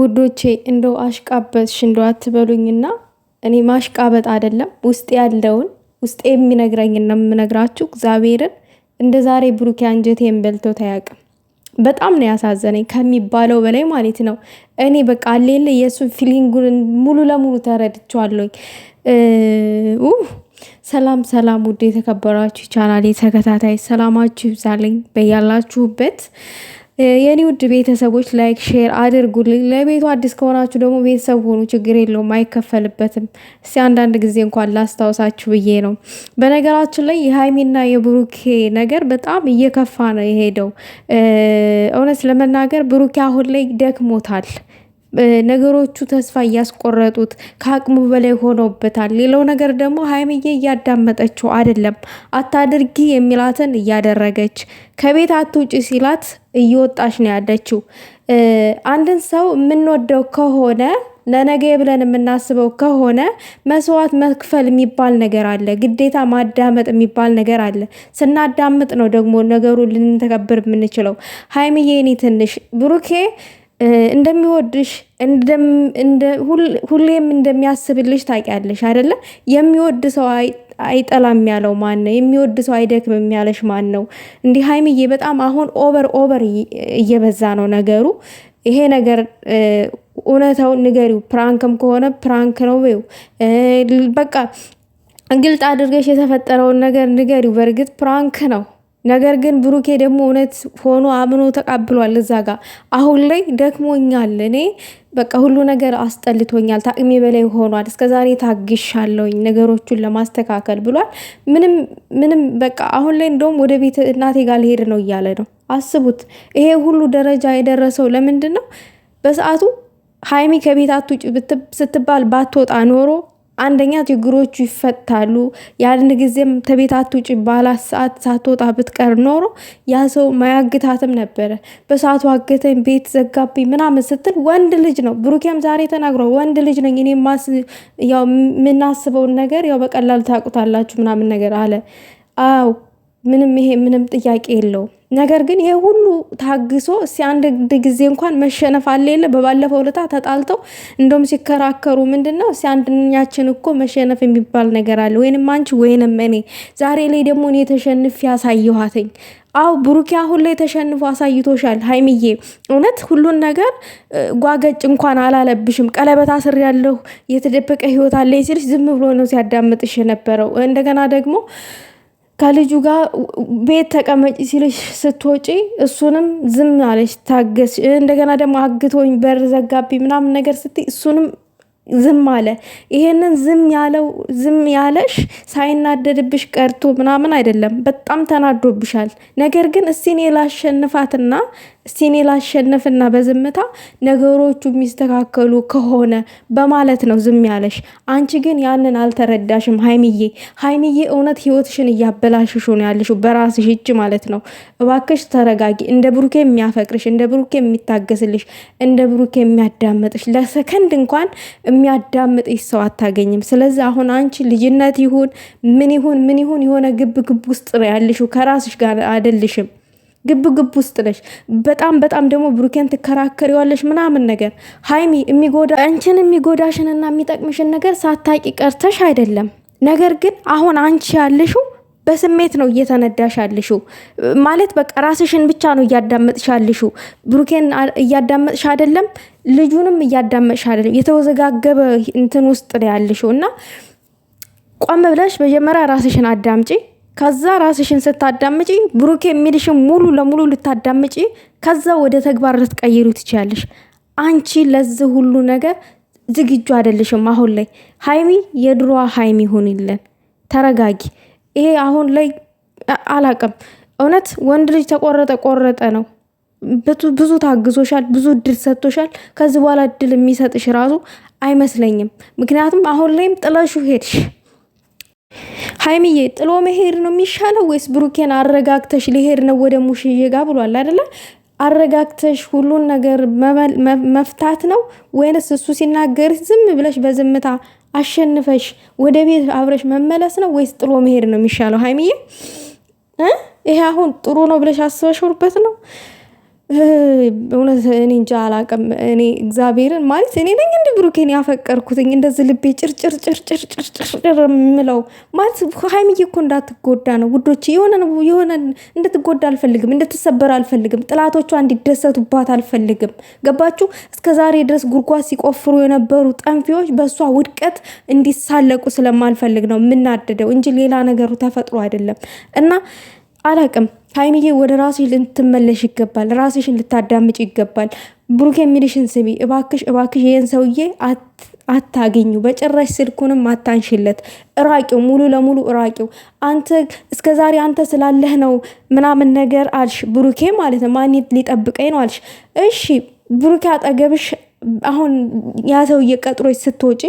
ውዶቼ እንደው አሽቃበት እንደው አትበሉኝና እኔ ማሽቃበጥ አይደለም ውስጥ ያለውን ውስጤ የሚነግረኝና የምነግራችሁ እግዚአብሔርን እንደ ዛሬ ብሩኬ አንጀቴን በልቶት አያውቅም። በጣም ነው ያሳዘነኝ ከሚባለው በላይ ማለት ነው። እኔ በቃ ሌለ የእሱን ፊሊንጉን ሙሉ ለሙሉ ተረድቸዋለኝ። ሰላም ሰላም፣ ውድ የተከበራችሁ ይቻላል የተከታታይ ሰላማችሁ ይብዛልኝ በያላችሁበት የኔ ውድ ቤተሰቦች ላይክ ሼር አድርጉልኝ። ለቤቱ አዲስ ከሆናችሁ ደግሞ ቤተሰብ ሆኑ፣ ችግር የለውም አይከፈልበትም። እስቲ አንዳንድ ጊዜ እንኳን ላስታውሳችሁ ብዬ ነው። በነገራችን ላይ የሀይሚና የብሩኬ ነገር በጣም እየከፋ ነው የሄደው። እውነት ለመናገር ብሩኬ አሁን ላይ ደክሞታል። ነገሮቹ ተስፋ እያስቆረጡት ከአቅሙ በላይ ሆኖበታል። ሌላው ነገር ደግሞ ሀይምዬ እያዳመጠችው አይደለም። አታድርጊ የሚላትን እያደረገች ከቤት አትውጭ ሲላት እየወጣች ነው ያለችው። አንድን ሰው የምንወደው ከሆነ ለነገ ብለን የምናስበው ከሆነ መስዋዕት መክፈል የሚባል ነገር አለ። ግዴታ ማዳመጥ የሚባል ነገር አለ። ስናዳምጥ ነው ደግሞ ነገሩ ልንተከብር የምንችለው። ሀይምዬ እኔ ትንሽ ብሩኬ እንደሚወድሽ ሁሌም እንደሚያስብልሽ ታውቂያለሽ አይደለ? የሚወድ ሰው አይጠላም ያለው ማን ነው? የሚወድ ሰው አይደክምም ያለሽ ማን ነው? እንዲህ ሀይምዬ በጣም አሁን ኦቨር ኦቨር እየበዛ ነው ነገሩ። ይሄ ነገር እውነታው ንገሪው። ፕራንክም ከሆነ ፕራንክ ነው ይው በቃ ግልጥ አድርገሽ የተፈጠረውን ነገር ንገሪው። በእርግጥ ፕራንክ ነው ነገር ግን ብሩኬ ደግሞ እውነት ሆኖ አምኖ ተቀብሏል። እዛ ጋ አሁን ላይ ደክሞኛል፣ እኔ በቃ ሁሉ ነገር አስጠልቶኛል፣ ታቅሜ በላይ ሆኗል፣ እስከዛሬ ታግሻለሁኝ ነገሮቹን ለማስተካከል ብሏል። ምንም ምንም በቃ አሁን ላይ እንደውም ወደ ቤት እናቴ ጋር ልሄድ ነው እያለ ነው። አስቡት፣ ይሄ ሁሉ ደረጃ የደረሰው ለምንድን ነው? በሰዓቱ ሀይሚ ከቤት አትውጭ ስትባል ባትወጣ ኖሮ አንደኛ ችግሮቹ ይፈታሉ። ያን ጊዜም ተቤት አትውጭ ባላት ሰዓት ሳትወጣ ብትቀር ኖሮ ያ ሰው ማያግታትም ነበረ። በሰዓቱ አገተኝ፣ ቤት ዘጋብኝ ምናምን ስትል ወንድ ልጅ ነው። ብሩኬም ዛሬ ተናግሯ ወንድ ልጅ ነኝ እኔ ያው የምናስበውን ነገር ያው በቀላል ታውቁታላችሁ ምናምን ነገር አለ። አው ምንም ይሄ ምንም ጥያቄ የለውም። ነገር ግን ይሄ ሁሉ ታግሶ እስ አንድ ጊዜ እንኳን መሸነፍ አለ የለ። በባለፈው ለታ ተጣልተው እንደውም ሲከራከሩ ምንድን ነው እስኪ እኮ መሸነፍ የሚባል ነገር አለ ወይንም አንቺ ወይንም እኔ። ዛሬ ላይ ደግሞ እኔ ተሸንፍ ያሳየኋትኝ። አው ብሩኪ አሁን ላይ ተሸንፎ አሳይቶሻል። ሀይምዬ እውነት ሁሉን ነገር ጓገጭ እንኳን አላለብሽም። ቀለበት አስር ያለሁ የተደበቀ ህይወት አለ ሲልሽ ዝም ብሎ ነው ሲያዳምጥሽ የነበረው። እንደገና ደግሞ ከልጁ ጋር ቤት ተቀመጪ ሲልሽ ስትወጪ እሱንም ዝም አለሽ፣ ታገስ እንደገና ደግሞ አግቶኝ በር ዘጋቢ ምናምን ነገር ስትይ እሱንም ዝም አለ። ይሄንን ዝም ያለው ዝም ያለሽ ሳይናደድብሽ ቀርቶ ምናምን አይደለም፣ በጣም ተናዶብሻል። ነገር ግን እስቲ እኔ ላሸንፋትና ሲኒ እኔ ላሸነፍና በዝምታ ነገሮቹ የሚስተካከሉ ከሆነ በማለት ነው ዝም ያለሽ። አንቺ ግን ያንን አልተረዳሽም ሀይሚዬ። ሀይሚዬ እውነት ህይወትሽን እያበላሽሽ ነው ያለሽው በራስሽ እጅ ማለት ነው። እባክሽ ተረጋጊ። እንደ ብሩኬ የሚያፈቅርሽ፣ እንደ ብሩኬ የሚታገስልሽ፣ እንደ ብሩኬ የሚያዳምጥሽ ለሰከንድ እንኳን የሚያዳምጥሽ ሰው አታገኝም። ስለዚህ አሁን አንቺ ልጅነት ይሁን ምን ይሁን ምን ይሁን የሆነ ግብ ግብ ውስጥ ነው ያለሽው። ከራስሽ ጋር አይደልሽም። ግብ ግብ ውስጥ ነሽ። በጣም በጣም ደግሞ ብሩኬን ትከራከሪዋለሽ ምናምን ነገር ሀይሚ የሚጎዳ አንቺን የሚጎዳሽንና የሚጠቅምሽን ነገር ሳታቂ ቀርተሽ አይደለም። ነገር ግን አሁን አንቺ ያለሽው በስሜት ነው እየተነዳሽ ያለሽው። ማለት በቃ ራስሽን ብቻ ነው እያዳመጥሽ ያለሽው። ብሩኬን እያዳመጥሽ አይደለም፣ ልጁንም እያዳመጥሽ አይደለም። የተወዘጋገበ እንትን ውስጥ ነው ያለሽው እና ቆም ብለሽ መጀመሪያ ራስሽን አዳምጪ። ከዛ ራስሽን ስታዳምጪ ብሩክ የሚልሽን ሙሉ ለሙሉ ልታዳምጪ ከዛ ወደ ተግባር ልትቀይሩ ትችያለሽ። አንቺ ለዚህ ሁሉ ነገር ዝግጁ አይደለሽም። አሁን ላይ ሀይሚ የድሮዋ ሀይሚ ሆንልን። ተረጋጊ። ይሄ አሁን ላይ አላቅም። እውነት ወንድ ልጅ ተቆረጠ ቆረጠ ነው። ብዙ ታግዞሻል፣ ብዙ እድል ሰጥቶሻል። ከዚህ በኋላ እድል የሚሰጥሽ ራሱ አይመስለኝም። ምክንያቱም አሁን ላይም ጥለሹ ሄድሽ። ሀይሚዬ ጥሎ መሄድ ነው የሚሻለው ወይስ ብሩኬን አረጋግተሽ ሊሄድ ነው ወደ ሙሽዬ ጋ ብሏል አይደለ? አረጋግተሽ ሁሉን ነገር መፍታት ነው ወይንስ እሱ ሲናገር ዝም ብለሽ በዝምታ አሸንፈሽ ወደ ቤት አብረሽ መመለስ ነው ወይስ ጥሎ መሄድ ነው የሚሻለው? ሀይሚዬ ይሄ አሁን ጥሩ ነው ብለሽ አስበሽበት ነው? እውነት እኔ እንጃ አላውቅም። እኔ እግዚአብሔርን ማለት እኔ ነኝ እንደ ብሩኬን ያፈቀርኩትኝ እንደዚህ ልቤ ጭርጭርጭርጭርጭርጭር የምለው ማለት ሀይምዬ እኮ እንዳትጎዳ ነው ውዶች። የሆነ የሆነ እንድትጎዳ አልፈልግም፣ እንድትሰበር አልፈልግም፣ ጥላቶቿ እንዲደሰቱባት አልፈልግም። ገባችሁ? እስከ ዛሬ ድረስ ጉድጓድ ሲቆፍሩ የነበሩ ጠንፊዎች በእሷ ውድቀት እንዲሳለቁ ስለማልፈልግ ነው የምናደደው እንጂ ሌላ ነገሩ ተፈጥሮ አይደለም እና አላቅም ሀይሚዬ ወደ ራስሽ ልትመለሽ ይገባል። ራስሽን ልታዳምጭ ይገባል። ብሩክ የሚልሽን ስሚ እባክሽ፣ እባክሽ ይህን ሰውዬ አታገኙ በጭራሽ። ስልኩንም አታንሽለት፣ እራቂው፣ ሙሉ ለሙሉ እራቂው። አንተ እስከ ዛሬ አንተ ስላለህ ነው ምናምን ነገር አልሽ፣ ብሩኬ ማለት ነው። ማን ሊጠብቀኝ ነው አልሽ። እሺ ብሩኬ አጠገብሽ አሁን ያ ሰውዬ ቀጥሮች ስትወጪ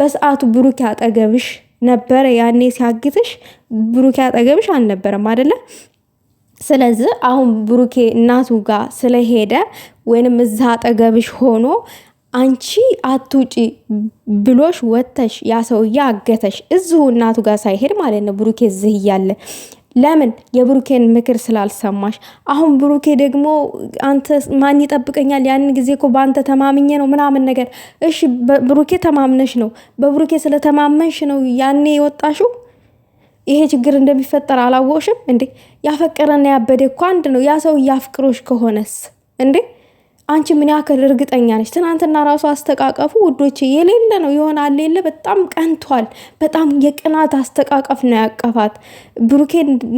በሰዓቱ ብሩኬ አጠገብሽ ነበረ ያኔ ሲያግትሽ ብሩኬ አጠገብሽ አልነበረም አደለ? ስለዚህ አሁን ብሩኬ እናቱ ጋር ስለሄደ ወይንም እዛ አጠገብሽ ሆኖ አንቺ አትውጪ ብሎሽ ወተሽ ያ ሰውዬ አገተሽ እዚሁ እናቱ ጋር ሳይሄድ ማለት ነው። ብሩኬ እዚህ እያለ ለምን የብሩኬን ምክር ስላልሰማሽ። አሁን ብሩኬ ደግሞ አንተ ማን ይጠብቀኛል? ያንን ጊዜ እኮ በአንተ ተማምኜ ነው ምናምን ነገር። እሺ ብሩኬ ተማምነሽ ነው፣ በብሩኬ ስለተማመንሽ ነው ያኔ የወጣሽው። ይሄ ችግር እንደሚፈጠር አላወቅሽም እንዴ? ያፈቀረና ያበደ እኮ አንድ ነው። ያ ሰው እያፍቅሮሽ ከሆነስ እንዴ አንቺ ምን ያክል እርግጠኛ ነች? ትናንትና ራሱ አስተቃቀፉ ውዶች የሌለ ነው የሆነ አለ በጣም ቀንቷል። በጣም የቅናት አስተቃቀፍ ነው ያቀፋት። ብሩኬ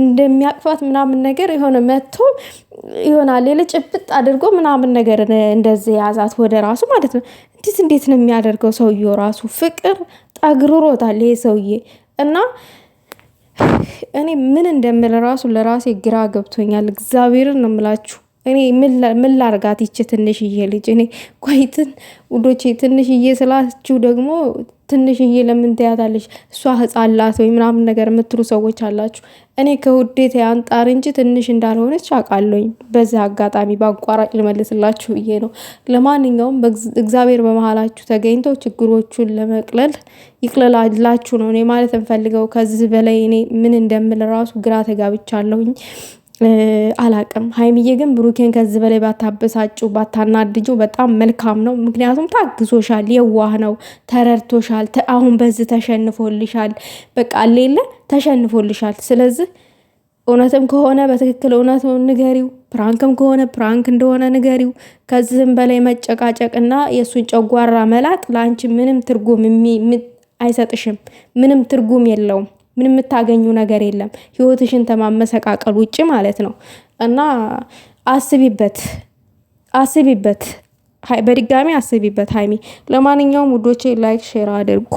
እንደሚያቅፋት ምናምን ነገር የሆነ መጥቶ ይሆናል ሌለ ጭብጥ አድርጎ ምናምን ነገር እንደዚህ የያዛት ወደ ራሱ ማለት ነው። እንዴት እንዴት ነው የሚያደርገው ሰውየው? ራሱ ፍቅር ጠግርሮታል ይሄ ሰውዬ እና እኔ ምን እንደምል ራሱ ለራሴ ግራ ገብቶኛል። እግዚአብሔርን ነው የምላችሁ። እኔ ምን ላርጋት ይች ትንሽዬ ልጅ? እኔ ቆይትን ውዶቼ፣ ትንሽዬ ስላችሁ ደግሞ ትንሽዬ ለምን ትያታለች? እሷ ሕፃን ናት ወይ ምናምን ነገር የምትሉ ሰዎች አላችሁ። እኔ ከውዴት አንጣር እንጂ ትንሽ እንዳልሆነች አውቃለሁኝ። በዚህ አጋጣሚ በአቋራጭ ልመልስላችሁ ብዬ ነው። ለማንኛውም እግዚአብሔር በመሀላችሁ ተገኝተው ችግሮቹን ለመቅለል ይቅለላላችሁ ነው እኔ ማለት እንፈልገው። ከዚህ በላይ እኔ ምን እንደምል ራሱ ግራ ተጋብቻለሁኝ። አላቅም ሀይሚዬ ግን ብሩኬን ከዚህ በላይ ባታበሳጩ ባታናድጁ በጣም መልካም ነው። ምክንያቱም ታግሶሻል፣ የዋህ ነው፣ ተረድቶሻል። አሁን በዚህ ተሸንፎልሻል፣ በቃ ሌለ ተሸንፎልሻል። ስለዚህ እውነትም ከሆነ በትክክል እውነት ንገሪው፣ ፕራንክም ከሆነ ፕራንክ እንደሆነ ንገሪው። ከዚህም በላይ መጨቃጨቅና የእሱን ጨጓራ መላጥ ለአንቺ ምንም ትርጉም አይሰጥሽም፣ ምንም ትርጉም የለውም። ምን የምታገኙ ነገር የለም ህይወትሽን ተማመሰቃቀል ውጭ ማለት ነው። እና አስቢበት አስቢበት፣ በድጋሚ አስቢበት ሀይሚ። ለማንኛውም ውዶቼ ላይክ ሼር አድርጉ።